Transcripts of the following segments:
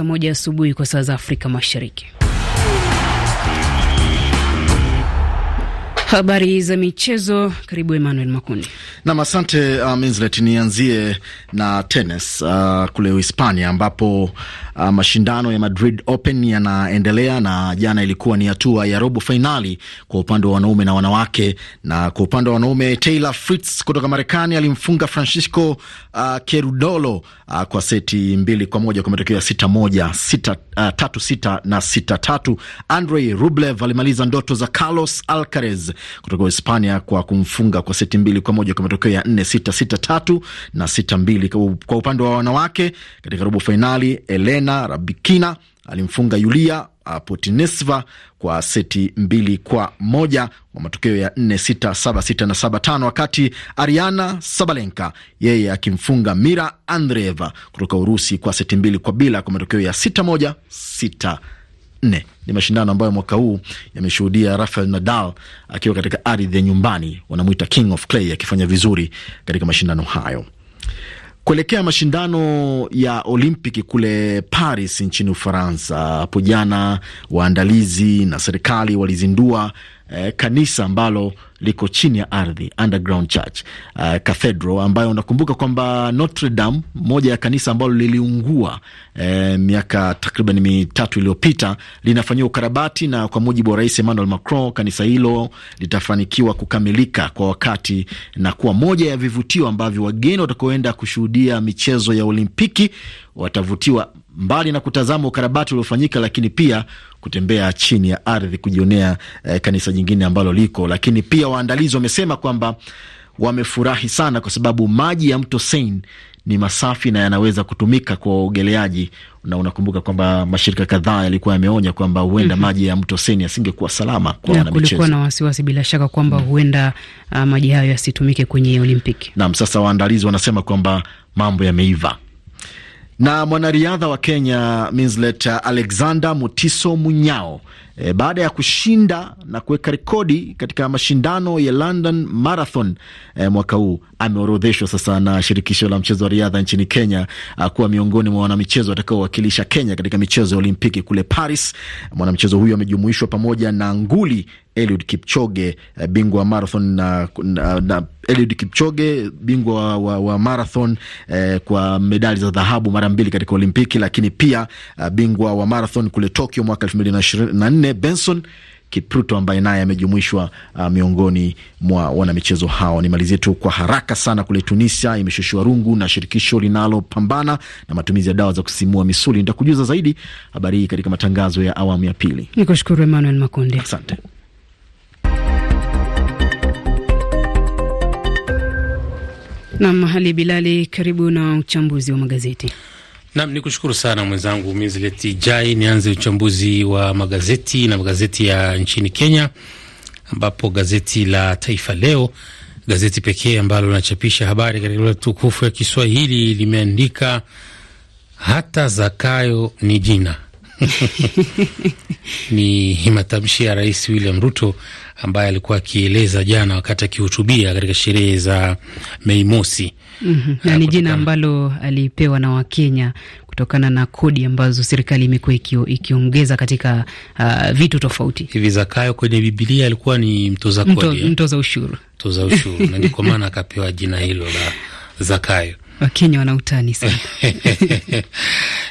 saa moja asubuhi kwa saa za Afrika Mashariki. Habari za michezo, karibu Emmanuel Makundi. Nam, asante uh, Minslet. Nianzie na tenis uh, kule Uhispania ambapo uh, mashindano ya Madrid Open yanaendelea na jana ilikuwa ni hatua ya robo fainali kwa upande wa wanaume na wanawake, na kwa upande wa wanaume Taylor Fritz kutoka Marekani alimfunga Francisco uh, Kerudolo uh, kwa seti mbili kwa moja kwa matokeo ya sita moja sita, uh, tatu sita na sita tatu. Andrei Rublev alimaliza ndoto za Carlos Alcaraz kutoka Hispania kwa kumfunga kwa seti mbili kwa moja kwa matokeo ya nne sita sita tatu na sita mbili. Kwa upande wa wanawake katika robo fainali, Elena Rabikina alimfunga Yulia Potinesva kwa seti mbili kwa moja kwa matokeo ya nne sita saba sita na saba tano, wakati Ariana Sabalenka yeye akimfunga Mira Andreeva kutoka Urusi kwa seti mbili kwa bila kwa matokeo ya sita moja sita nne. Ni mashindano ambayo mwaka huu yameshuhudia Rafael Nadal akiwa katika ardhi ya nyumbani, wanamwita King of Clay, akifanya vizuri katika mashindano hayo. Kuelekea mashindano ya Olimpiki kule Paris nchini Ufaransa, hapo jana waandalizi na serikali walizindua eh, kanisa ambalo liko chini ya ardhi, underground church uh, cathedral ambayo unakumbuka kwamba Notre Dame, moja ya kanisa ambalo liliungua eh, miaka takriban mitatu iliyopita, linafanyiwa ukarabati na kwa mujibu wa Rais Emmanuel Macron, kanisa hilo litafanikiwa kukamilika kwa wakati na kuwa moja ya vivutio ambavyo wageni watakaoenda kushuhudia michezo ya Olimpiki watavutiwa mbali na kutazama ukarabati uliofanyika, lakini pia kutembea chini ya ardhi kujionea eh, kanisa jingine ambalo liko. Lakini pia waandalizi wamesema kwamba wamefurahi sana kwa sababu maji ya mto Seine ni masafi na yanaweza kutumika kwa waogeleaji, na unakumbuka kwamba mashirika kadhaa yalikuwa yameonya kwamba huenda mm -hmm. maji ya mto Seni yasingekuwa salama kwa wanamichezo. Kulikuwa na wasiwasi bila shaka kwamba mm -hmm. huenda uh, maji hayo yasitumike kwenye Olimpiki. Naam, sasa waandalizi wanasema kwamba mambo yameiva na mwanariadha wa Kenya Minslet Alexander Mutiso Munyao E, baada ya kushinda na kuweka rekodi katika mashindano ya London Marathon e, mwaka huu ameorodheshwa sasa na shirikisho la mchezo wa riadha nchini Kenya kuwa miongoni mwa wanamichezo watakaowakilisha Kenya katika michezo ya Olimpiki kule Paris. Mwanamchezo huyo amejumuishwa pamoja na nguli Eliud Kipchoge e, bingwa wa marathon na, na, na Eliud Kipchoge bingwa wa, wa marathon eh, kwa medali za dhahabu mara mbili katika Olimpiki, lakini pia uh, bingwa wa marathon kule Tokyo mwaka elfu mbili na ishirini na nne Rene Benson Kipruto ambaye naye amejumuishwa uh, miongoni mwa wanamichezo hao. Nimalizie tu kwa haraka sana, kule Tunisia imeshushiwa rungu na shirikisho linalopambana na matumizi ya dawa za kusimua misuli. Nitakujuza zaidi habari hii katika matangazo ya awamu ya pili. Nikushukuru Emmanuel Makundi, asante. Nam Hali Bilali, karibu na uchambuzi wa magazeti. Nam ni kushukuru sana mwenzangu Mizleti Jai. Nianze uchambuzi wa magazeti na magazeti ya nchini Kenya, ambapo gazeti la Taifa Leo, gazeti pekee ambalo linachapisha habari katika lugha tukufu ya Kiswahili, limeandika hata Zakayo ni jina ni matamshi ya Rais William Ruto ambaye alikuwa akieleza jana wakati akihutubia katika sherehe za Mei Mosi. mm -hmm. Na ah, ni jina ambalo alipewa na Wakenya kutokana na kodi ambazo serikali imekuwa ikiongeza katika uh, vitu tofauti hivi. Zakayo kwenye Bibilia alikuwa ni mtoza kodi, eh? mtoza ushuru, mtoza ushuru na ndiko kwa maana akapewa jina hilo la Zakayo. Wakenya wanautani sana.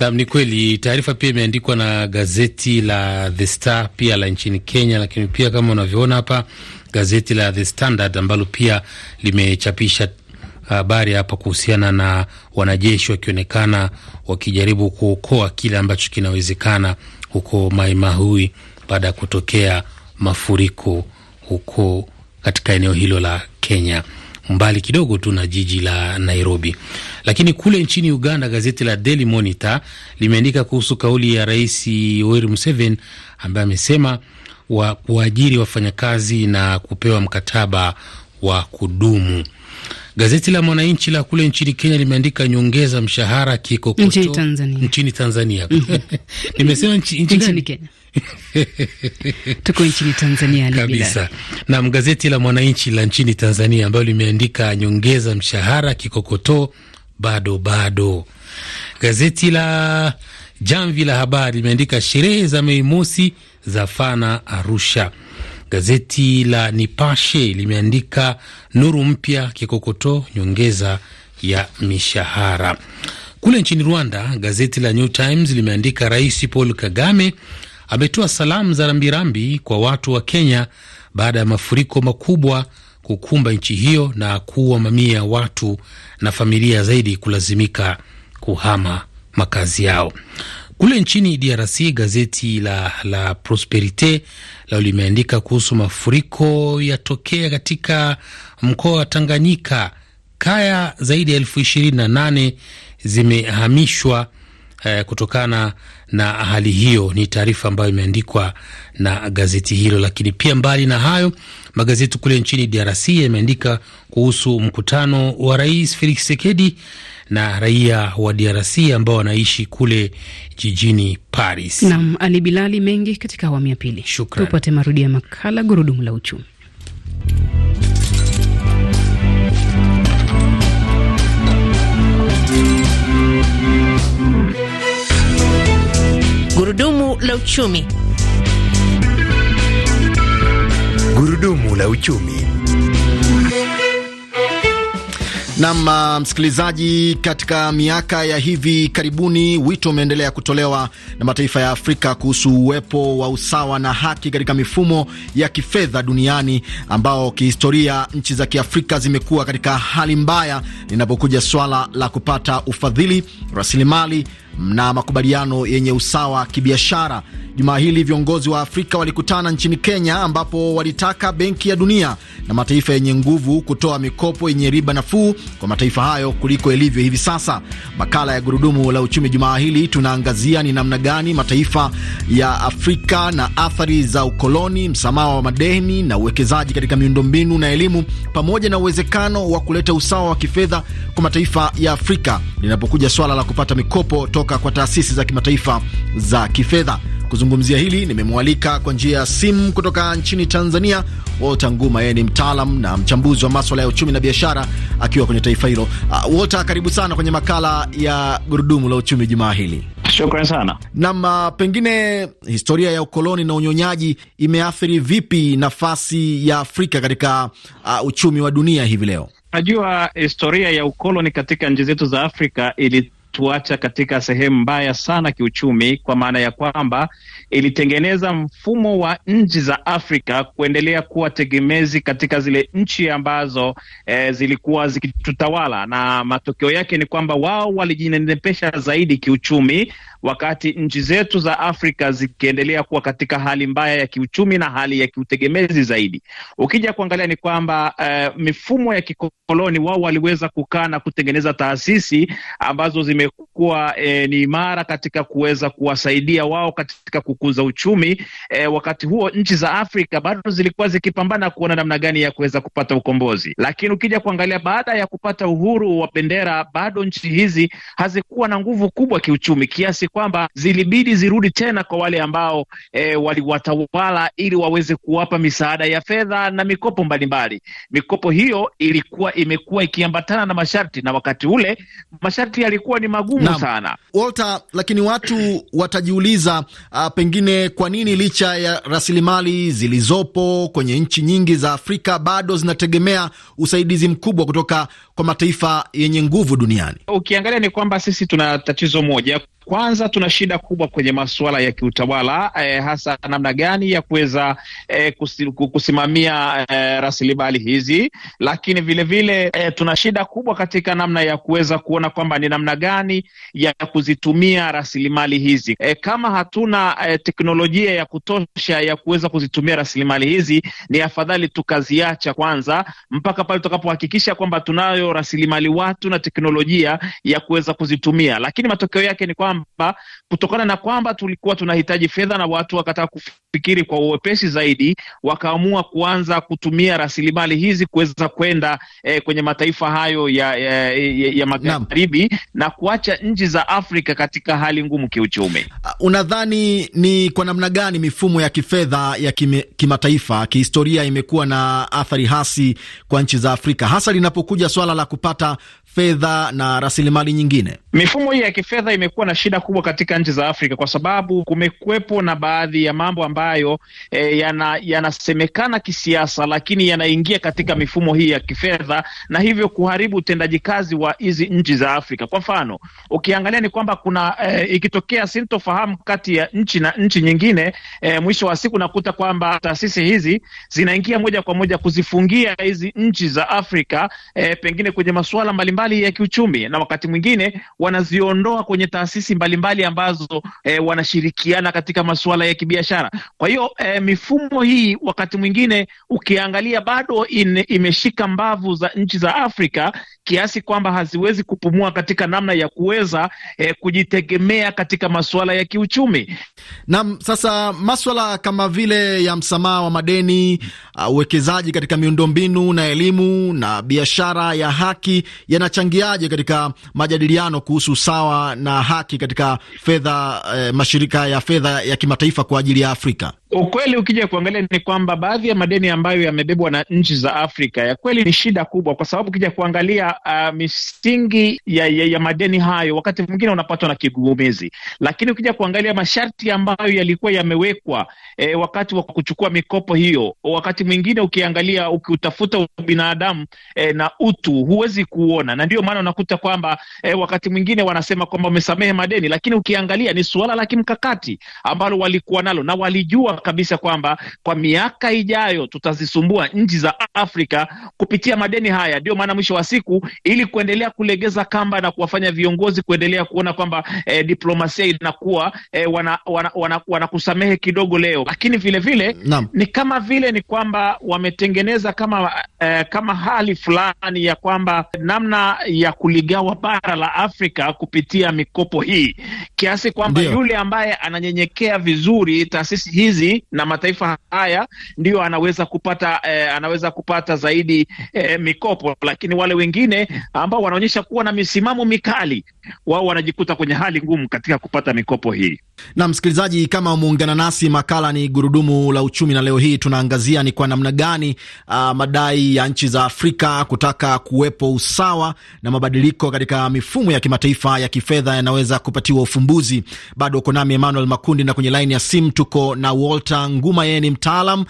Naam, ni kweli. Taarifa pia imeandikwa na gazeti la The Star pia la nchini Kenya, lakini pia kama unavyoona hapa gazeti la The Standard ambalo pia limechapisha habari hapa kuhusiana na wanajeshi wakionekana wakijaribu kuokoa kile ambacho kinawezekana huko Maimahui baada ya kutokea mafuriko huko katika eneo hilo la Kenya mbali kidogo tu na jiji la Nairobi. Lakini kule nchini Uganda, gazeti la Daily Monitor limeandika kuhusu kauli ya Rais Yoweri Museveni ambaye amesema wa kuajiri wafanyakazi na kupewa mkataba wa kudumu. Gazeti la Mwananchi la kule nchini Kenya limeandika nyongeza mshahara kikokoto nchini Tanzania, nchini Tanzania. nimesema nchi, nchini Kenya tuko nchini Tanzania kabisa. Naam, gazeti la Mwananchi la nchini Tanzania ambayo limeandika nyongeza mshahara kikokotoo bado bado. Gazeti la Jamvi la Habari limeandika sherehe za Mei Mosi za fana Arusha. Gazeti la Nipashe limeandika nuru mpya kikokotoo nyongeza ya mishahara. Kule nchini Rwanda, gazeti la New Times limeandika Rais Paul Kagame ametoa salamu za rambirambi kwa watu wa Kenya baada ya mafuriko makubwa kukumba nchi hiyo na kuua mamia ya watu na familia zaidi kulazimika kuhama makazi yao. Kule nchini DRC, gazeti la la Prosperite lao limeandika kuhusu mafuriko yatokea katika mkoa wa Tanganyika. Kaya zaidi ya elfu ishirini na nane zimehamishwa eh, kutokana na hali hiyo. Ni taarifa ambayo imeandikwa na gazeti hilo. Lakini pia mbali na hayo, magazeti kule nchini DRC yameandika kuhusu mkutano wa Rais Felix Tshisekedi na raia wa DRC ambao wanaishi kule jijini Paris. Naam, Ali Bilali, mengi katika awamu ya pili. Tupate marudio ya makala gurudumu la uchumi. Gurudumu la uchumi. Gurudumu la uchumi. Nam uh, msikilizaji, katika miaka ya hivi karibuni wito umeendelea kutolewa na mataifa ya Afrika kuhusu uwepo wa usawa na haki katika mifumo ya kifedha duniani, ambao kihistoria nchi za Kiafrika zimekuwa katika hali mbaya linapokuja swala la kupata ufadhili, rasilimali na makubaliano yenye usawa kibiashara. Jumaa hili viongozi wa Afrika walikutana nchini Kenya, ambapo walitaka Benki ya Dunia na mataifa yenye nguvu kutoa mikopo yenye riba nafuu kwa mataifa hayo kuliko ilivyo hivi sasa. Makala ya Gurudumu la Uchumi jumaa hili tunaangazia ni namna gani mataifa ya Afrika na athari za ukoloni, msamaha wa madeni na uwekezaji katika miundombinu na elimu, pamoja na uwezekano wa kuleta usawa wa kifedha kwa mataifa ya Afrika linapokuja swala la kupata mikopo kutoka kwa taasisi za kimataifa za kifedha. Kuzungumzia hili nimemwalika kwa njia ya simu kutoka nchini Tanzania, Wota Nguma. Yeye ni mtaalam na mchambuzi wa maswala ya uchumi na biashara akiwa kwenye taifa hilo. Uh, Wota, karibu sana kwenye makala ya gurudumu la uchumi jumaa hili. Shukran sana. Naam, uh, pengine historia ya ukoloni na unyonyaji imeathiri vipi nafasi ya Afrika katika uh, uchumi wa dunia hivi leo? Najua historia ya ukoloni katika nchi zetu za Afrika ili imetuacha katika sehemu mbaya sana kiuchumi, kwa maana ya kwamba ilitengeneza mfumo wa nchi za Afrika kuendelea kuwa tegemezi katika zile nchi ambazo e, zilikuwa zikitutawala, na matokeo yake ni kwamba wao walijinenepesha zaidi kiuchumi, wakati nchi zetu za Afrika zikiendelea kuwa katika hali mbaya ya kiuchumi na hali ya kiutegemezi zaidi. Ukija kuangalia ni kwamba e, mifumo ya kikoloni wao waliweza kukaa na kutengeneza taasisi ambazo zime imekuwa e, ni imara katika kuweza kuwasaidia wao katika kukuza uchumi e, wakati huo nchi za Afrika bado zilikuwa zikipambana kuona namna gani ya kuweza kupata ukombozi, lakini ukija kuangalia baada ya kupata uhuru wa bendera bado nchi hizi hazikuwa na nguvu kubwa kiuchumi, kiasi kwamba zilibidi zirudi tena kwa wale ambao e, waliwatawala ili waweze kuwapa misaada ya fedha na mikopo mbalimbali. Mikopo hiyo ilikuwa imekuwa ikiambatana na masharti, na wakati ule masharti yalikuwa ni magumu na sana Walter, lakini watu watajiuliza uh, pengine kwa nini licha ya rasilimali zilizopo kwenye nchi nyingi za Afrika bado zinategemea usaidizi mkubwa kutoka kwa mataifa yenye nguvu duniani. Ukiangalia ni kwamba sisi tuna tatizo moja kwanza tuna shida kubwa kwenye masuala ya kiutawala eh, hasa namna gani ya kuweza eh, kusimamia eh, rasilimali hizi, lakini vilevile vile, eh, tuna shida kubwa katika namna ya kuweza kuona kwamba ni namna gani ya kuzitumia rasilimali hizi eh, kama hatuna eh, teknolojia ya kutosha ya kuweza kuzitumia rasilimali hizi, ni afadhali tukaziacha kwanza mpaka pale tutakapohakikisha kwamba tunayo rasilimali watu na teknolojia ya kuweza kuzitumia, lakini matokeo yake ni kwamba kwamba kutokana na kwamba tulikuwa tunahitaji fedha na watu wakataka kufikiri kwa uwepesi zaidi, wakaamua kuanza kutumia rasilimali hizi kuweza kwenda eh, kwenye mataifa hayo ya, ya, ya, ya magharibi na, kuacha nchi za Afrika katika hali ngumu kiuchumi. Uh, unadhani ni kwa namna gani mifumo ya kifedha ya kimataifa kihistoria imekuwa na athari hasi kwa nchi za Afrika hasa linapokuja swala la kupata fedha na rasilimali nyingine? Mifumo hii ya kifedha imekuwa na shida kubwa katika nchi za Afrika kwa sababu kumekuwepo na baadhi ya mambo ambayo e, yanasemekana kisiasa, lakini yanaingia katika mifumo hii ya kifedha na hivyo kuharibu utendaji kazi wa hizi nchi za Afrika. Kwa mfano, ukiangalia ni kwamba kuna e, ikitokea sintofahamu kati ya nchi na nchi nyingine e, mwisho wa siku nakuta kwamba taasisi hizi zinaingia moja kwa moja kuzifungia hizi nchi za Afrika e, pengine kwenye masuala mbalimbali ya kiuchumi na wakati mwingine wanaziondoa kwenye taasisi taasisi mbalimbali ambazo e, wanashirikiana katika masuala ya kibiashara. Kwa hiyo e, mifumo hii wakati mwingine ukiangalia bado in, imeshika mbavu za nchi za Afrika kiasi kwamba haziwezi kupumua katika namna ya kuweza e, kujitegemea katika masuala ya kiuchumi. Naam, sasa maswala kama vile ya msamaha wa madeni, uh, uwekezaji uh, katika miundombinu na elimu na biashara ya haki yanachangiaje katika majadiliano kuhusu usawa na haki katika fedha eh, mashirika ya fedha ya kimataifa kwa ajili ya Afrika? Ukweli ukija kuangalia ni kwamba baadhi ya madeni ambayo yamebebwa na nchi za Afrika ya kweli ni shida kubwa, kwa sababu ukija kuangalia uh, misingi ya, ya, ya madeni hayo wakati mwingine unapatwa na kigugumizi, lakini ukija kuangalia masharti ambayo yalikuwa yamewekwa eh, wakati wa kuchukua mikopo hiyo, wakati mwingine ukiangalia, ukiutafuta ubinadamu eh, na utu huwezi kuona, na ndio maana unakuta kwamba eh, wakati mwingine wanasema kwamba umesamehe madeni deni, lakini ukiangalia ni suala la kimkakati ambalo walikuwa nalo na walijua kabisa kwamba kwa miaka ijayo tutazisumbua nchi za Afrika kupitia madeni haya. Ndio maana mwisho wa siku, ili kuendelea kulegeza kamba na kuwafanya viongozi kuendelea kuona kwamba eh, diplomasia inakuwa eh, wanakusamehe wana, wana, wana kidogo leo, lakini vilevile vile, ni kama vile ni kwamba wametengeneza kama eh, kama hali fulani ya kwamba namna ya kuligawa bara la Afrika kupitia mikopo hii kiasi kwamba yule ambaye ananyenyekea vizuri taasisi hizi na mataifa haya ndiyo anaweza kupata eh, anaweza kupata zaidi eh, mikopo, lakini wale wengine ambao wanaonyesha kuwa na misimamo mikali, wao wanajikuta kwenye hali ngumu katika kupata mikopo hii. Na msikilizaji, kama umeungana nasi, makala ni gurudumu la uchumi, na leo hii tunaangazia ni kwa namna gani uh, madai ya nchi za Afrika kutaka kuwepo usawa na mabadiliko katika mifumo ya kimataifa ya kifedha yanaweza kupatiwa ufumbuzi. Bado uko nami Emmanuel Makundi, na kwenye laini ya simu tuko na Walter Nguma, yeye ni mtaalam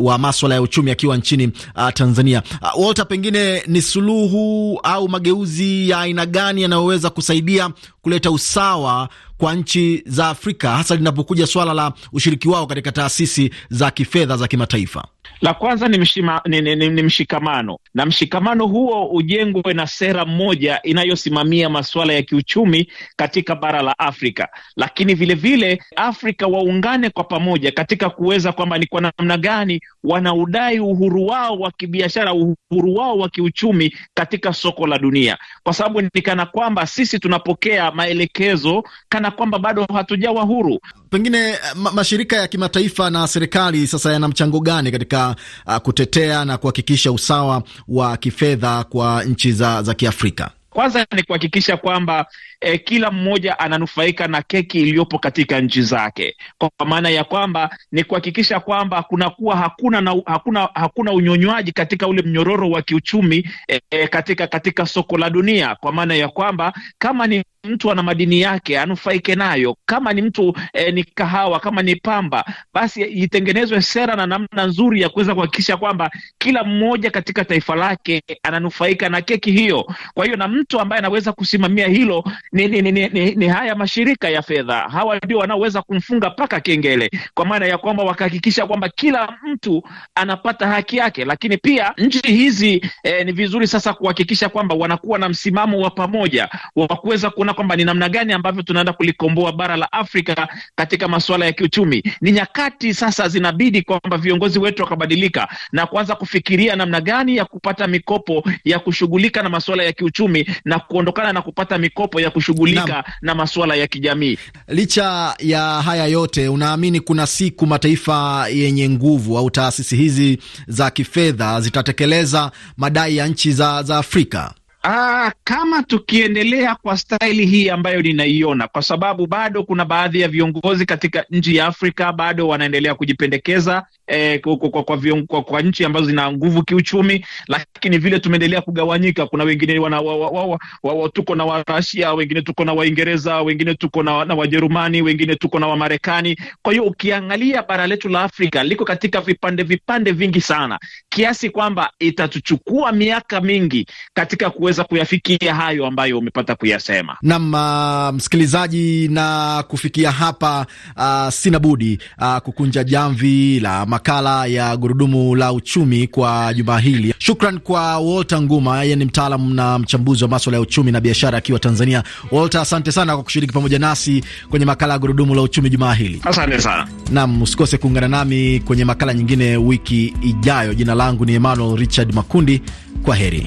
wa maswala ya uchumi akiwa nchini uh, Tanzania. Uh, Walter, pengine ni suluhu au mageuzi ya aina gani yanayoweza kusaidia kuleta usawa kwa nchi za Afrika, hasa linapokuja swala la ushiriki wao katika taasisi za kifedha za kimataifa? La kwanza ni, mshima, ni, ni, ni, ni mshikamano na mshikamano huo ujengwe na sera moja inayosimamia masuala ya kiuchumi katika bara la Afrika, lakini vilevile vile, Afrika waungane kwa pamoja katika kuweza kwamba ni kwa namna gani wanaudai uhuru wao wa kibiashara, uhuru wao wa kiuchumi katika soko la dunia, kwa sababu ni kana kwamba sisi tunapokea maelekezo kana na kwamba bado hatujawa huru. Pengine eh, ma mashirika ya kimataifa na serikali sasa yana mchango gani katika uh, kutetea na kuhakikisha usawa wa kifedha kwa nchi za, za Kiafrika? Kwanza ni kuhakikisha kwamba eh, kila mmoja ananufaika na keki iliyopo katika nchi zake, kwa maana ya kwamba ni kuhakikisha kwamba kunakuwa hakuna, na, hakuna, hakuna unyonywaji katika ule mnyororo wa kiuchumi eh, eh, katika, katika soko la dunia, kwa maana ya kwamba kama ni mtu ana madini yake anufaike nayo. Kama ni mtu eh, ni kahawa, kama ni pamba, basi itengenezwe sera na namna nzuri ya kuweza kuhakikisha kwamba kila mmoja katika taifa lake ananufaika na keki hiyo. Kwa hiyo na mtu ambaye anaweza kusimamia hilo ni, ni, ni, ni, ni haya mashirika ya fedha. Hawa ndio wanaoweza kumfunga paka kengele, kwa maana ya kwamba wakahakikisha kwamba kila mtu anapata haki yake. Lakini pia nchi hizi eh, ni vizuri sasa kuhakikisha kwamba wanakuwa na msimamo wa pamoja wa kuweza kuona kwamba ni namna gani ambavyo tunaenda kulikomboa bara la Afrika katika masuala ya kiuchumi. Ni nyakati sasa zinabidi kwamba viongozi wetu wakabadilika na kuanza kufikiria namna gani ya kupata mikopo ya kushughulika na masuala ya kiuchumi na kuondokana na kupata mikopo ya kushughulika na, na masuala ya kijamii. Licha ya haya yote, unaamini kuna siku mataifa yenye nguvu au taasisi hizi za kifedha zitatekeleza madai ya nchi za, za Afrika? Aa, ah, kama tukiendelea kwa staili hii ambayo ninaiona, kwa sababu bado kuna baadhi ya viongozi katika nchi ya Afrika bado wanaendelea kujipendekeza eh, kwa, kwa, kwa, kwa, kwa nchi ambazo zina nguvu kiuchumi, lakini vile tumeendelea kugawanyika. Kuna wengine wana, wa, wa, wa, wa, wa, tuko na Warasia, wengine tuko na Waingereza, wengine tuko na, na Wajerumani, wengine tuko na Wamarekani. Kwa hiyo ukiangalia bara letu la Afrika liko katika vipande vipande vingi sana kiasi kwamba itatuchukua miaka mingi katika kuweza kuyafikia hayo ambayo umepata kuyasema. Naam, uh, msikilizaji, na kufikia hapa uh, sina budi uh, kukunja jamvi la makala ya gurudumu la uchumi kwa juma hili. Shukran kwa Walter Nguma, yeye ni mtaalam na mchambuzi wa maswala ya uchumi na biashara akiwa Tanzania. Walter, asante sana kwa kushiriki pamoja nasi kwenye makala ya gurudumu la uchumi jumaa hili. Asante sana. nam, usikose kuungana nami kwenye makala nyingine wiki ijayo. Jina langu ni Emmanuel Richard Makundi. Kwa heri.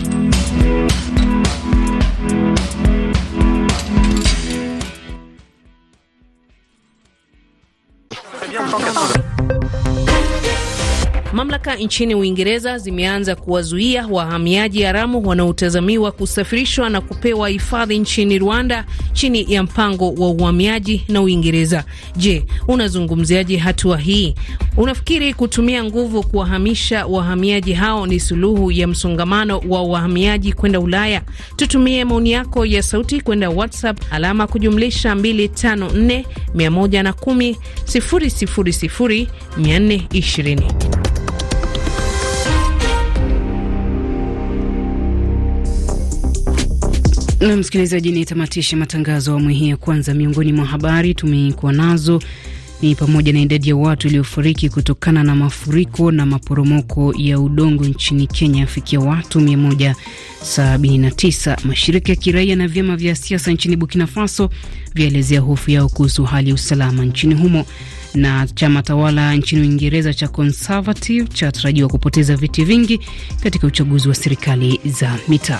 Mamlaka nchini Uingereza zimeanza kuwazuia wahamiaji haramu wanaotazamiwa kusafirishwa na kupewa hifadhi nchini Rwanda chini ya mpango wa uhamiaji na Uingereza. Je, unazungumziaje hatua hii? Unafikiri kutumia nguvu kuwahamisha wahamiaji hao ni suluhu ya msongamano wa wahamiaji kwenda Ulaya? Tutumie maoni yako ya sauti kwenda WhatsApp alama kujumlisha 254 110 000 420. Na msikilizaji, nitamatishe matangazo awamu hii ya kwanza. Miongoni mwa habari tumekuwa nazo ni pamoja na idadi ya watu waliofariki kutokana na mafuriko na maporomoko ya udongo nchini Kenya afikia watu 179. Mashirika ya kiraia na vyama vya siasa nchini Burkina Faso vyaelezea hofu yao kuhusu hali ya usalama nchini humo, na chama tawala nchini Uingereza cha Conservative chatarajiwa kupoteza viti vingi katika uchaguzi wa serikali za mitaa.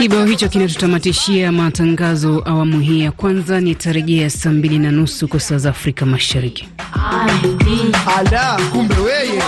Kibao hicho kinatutamatishia matangazo awamu hii ya kwanza. ni Nitarejea saa mbili na nusu kwa saa za Afrika Mashariki. Kumbe weye